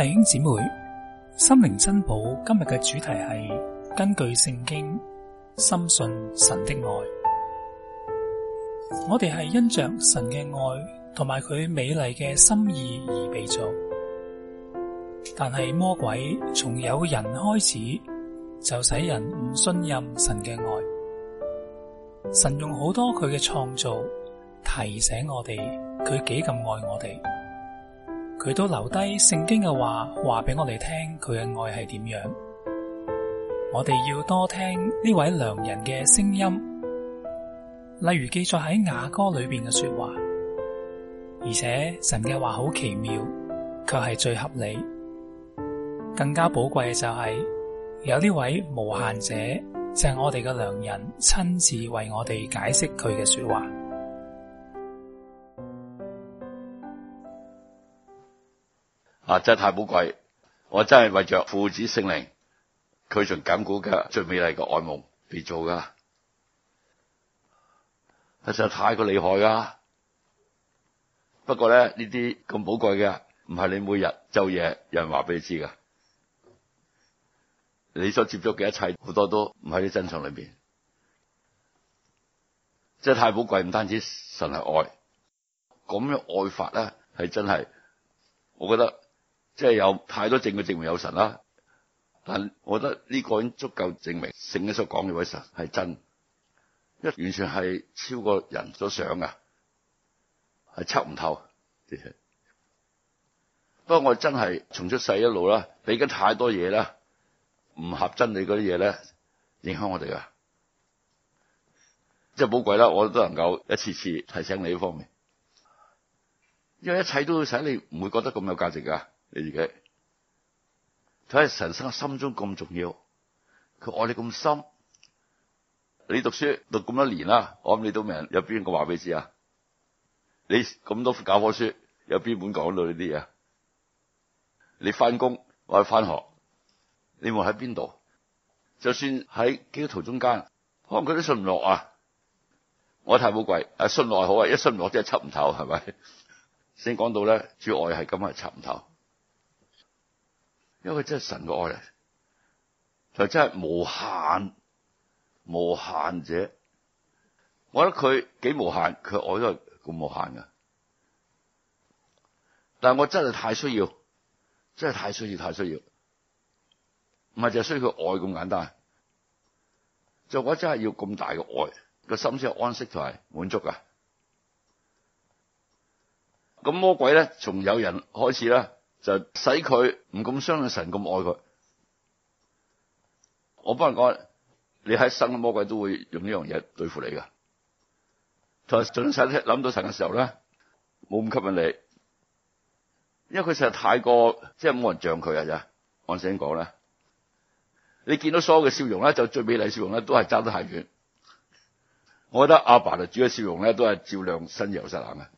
弟兄姊妹，心靈珍寶，今日嘅主題係根據聖經，深信神的愛。我哋係因着神嘅愛同埋佢美麗嘅心意而被造，但係魔鬼從有人開始就使人唔信任神嘅愛。神用好多佢嘅創造提醒我哋，佢幾咁愛我哋。佢都留低聖經嘅話，話俾我哋聽佢嘅愛係點樣。我哋要多聽呢位良人嘅聲音，例如記載喺雅歌裏邊嘅說話。而且神嘅話好奇妙，卻係最合理。更加寶貴嘅就係有呢位無限者，就係我哋嘅良人，親自為我哋解釋佢嘅說話。啊！真係太寶貴，我真係為着父子聖靈佢從緊箍嘅最美麗嘅愛夢嚟做噶，啊！實在太過厲害噶。不過咧，呢啲咁寶貴嘅，唔係你每日晝夜有人話俾你知噶，你所接觸嘅一切好多都唔喺啲真相裏邊。真係太寶貴，唔單止神係愛，咁樣愛法咧，係真係，我覺得。即係有太多證據證明有神啦，但我覺得呢個已經足夠證明聖經所講嘅位神係真，一完全係超過人所想噶，係測唔透。不過我真係從出世一路啦，俾緊太多嘢啦，唔合真理嗰啲嘢咧，影響我哋啊！即係冇鬼啦，我都能夠一次次提醒你呢方面，因為一切都使你唔會覺得咁有價值噶。你自己睇下神生心中咁重要，佢愛你咁深。你讀書讀咁多年啦，我諗你都未有邊個話俾你知啊？你咁多教科書有邊本講到呢啲嘢？你翻工或者翻學，你會喺邊度？就算喺基督徒中間，可能佢都信唔落啊！我太寶貴啊，信落好啊，一信唔落即係插唔透，係咪先講到咧？主要愛係咁係插唔透。就是因為佢真係神嘅愛嚟，就真係無限無限者，我覺得佢幾無限，佢愛都係咁無限噶。但係我真係太需要，真係太需要，太需要，唔係就係需要佢愛咁簡單。就我真係要咁大嘅愛，個心先係安息同係滿足噶。咁魔鬼咧，從有人開始啦。就使佢唔咁相信神咁愛佢，我幫人講，你喺生，魔鬼都會用呢樣嘢對付你噶。同埋，即使諗到神嘅時候咧，冇咁吸引你，因為佢實在太過，即係冇人像佢啊！咋？按正講咧，你見到所有嘅笑容咧，就最美麗笑容咧，都係爭得太遠。我覺得阿爸就主嘅笑容咧，都係照亮新油濕冷啊！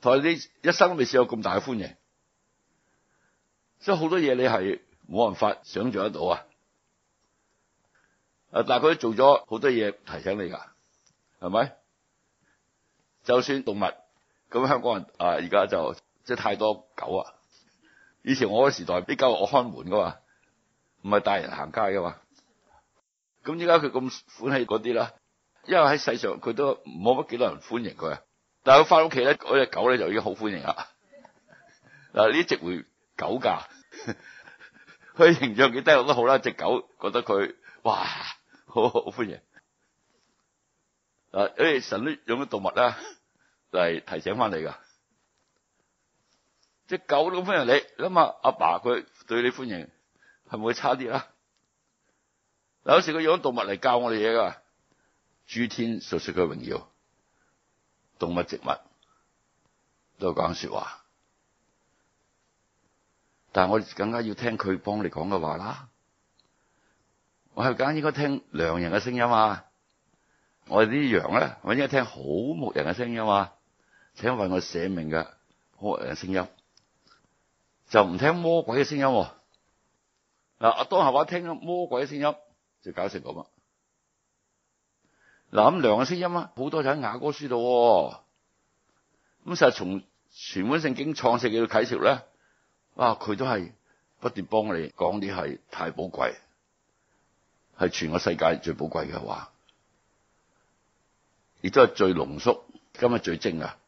同你一生都未試過咁大嘅歡迎，所以好多嘢你係冇辦法想象得到啊！啊，但係佢做咗好多嘢提醒你噶，係咪？就算動物咁，香港人啊，而家就即係太多狗啊！以前我嘅時代啲狗係看門噶嘛，唔係帶人行街噶嘛。咁點解佢咁歡喜嗰啲啦？因為喺世上佢都冇乜幾多人歡迎佢啊。但佢翻屋企咧，嗰隻狗咧就已經好歡迎啦。嗱， 呢啲植狗噶，佢形象幾低落都好啦。隻狗覺得佢哇，好好，好歡迎。嗱，誒，神都用咩動物咧嚟，提醒翻你噶？隻 狗都咁歡迎你，諗下阿爸佢對你歡迎，係咪會差啲啦、 嗯？有時佢用動物嚟教我哋嘢噶，諸天述說佢榮耀。動物、植物都講說話，但係我更加要聽佢幫你講嘅話啦。我係講應該聽良人嘅聲音啊！我哋啲羊咧，我應該聽好牧人嘅聲音啊！聽為我捨命嘅好牧人聲音，就唔聽魔鬼嘅聲音啊。嗱，阿當夏娃聽魔鬼嘅聲音，就搞成咁啦。嗱咁，兩個聲音啊，好多就喺雅歌書度、哦。咁實係從全本聖經創世記到啟示咧，哇，佢都係不斷幫我哋講啲係太寶貴，係全個世界最寶貴嘅話，亦都係最濃縮，今日最精啊！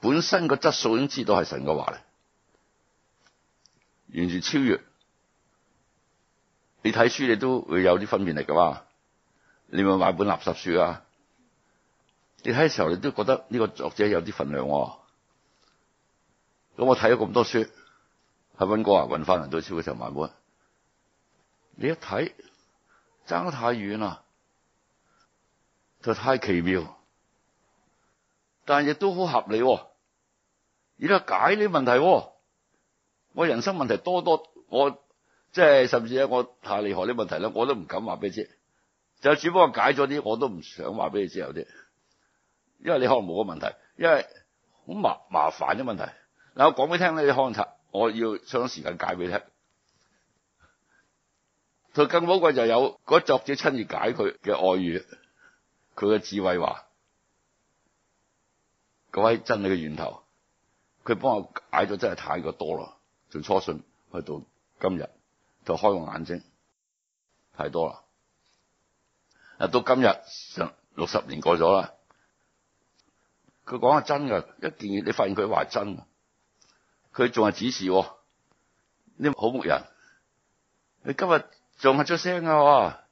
本身個質素已經知道係神嘅話咧，完全超越你睇書你都會有啲分辨力噶嘛。你咪買本垃圾書啊！你睇嘅時候，你都覺得呢個作者有啲份量啊。咁我睇咗咁多書，喺溫哥華運翻嚟都超過成萬本。你一睇，差得太遠啦，就太奇妙，但亦都好合理啊。而家解呢啲問題啊，我人生問題多多。我即係甚至咧，我太厲害啲問題咧，我都唔敢話俾你知。就只不過解咗啲，我都唔想話俾你知有啲，因為你可能冇個問題，因為好麻麻煩啲問題。嗱，我講俾你聽呢啲康察，我要將時間解俾你聽。佢更寶貴就有嗰作者親自解佢嘅愛語，佢嘅智慧話，嗰位真理嘅源頭，佢幫我解咗真係太過多啦，從初信去到今日，就開個眼睛，太多啦。到今日六十年過咗啦，佢講係真噶，一件嘢你發現佢話真，佢仲係指示，啲好牧人，你今日仲係出聲啊！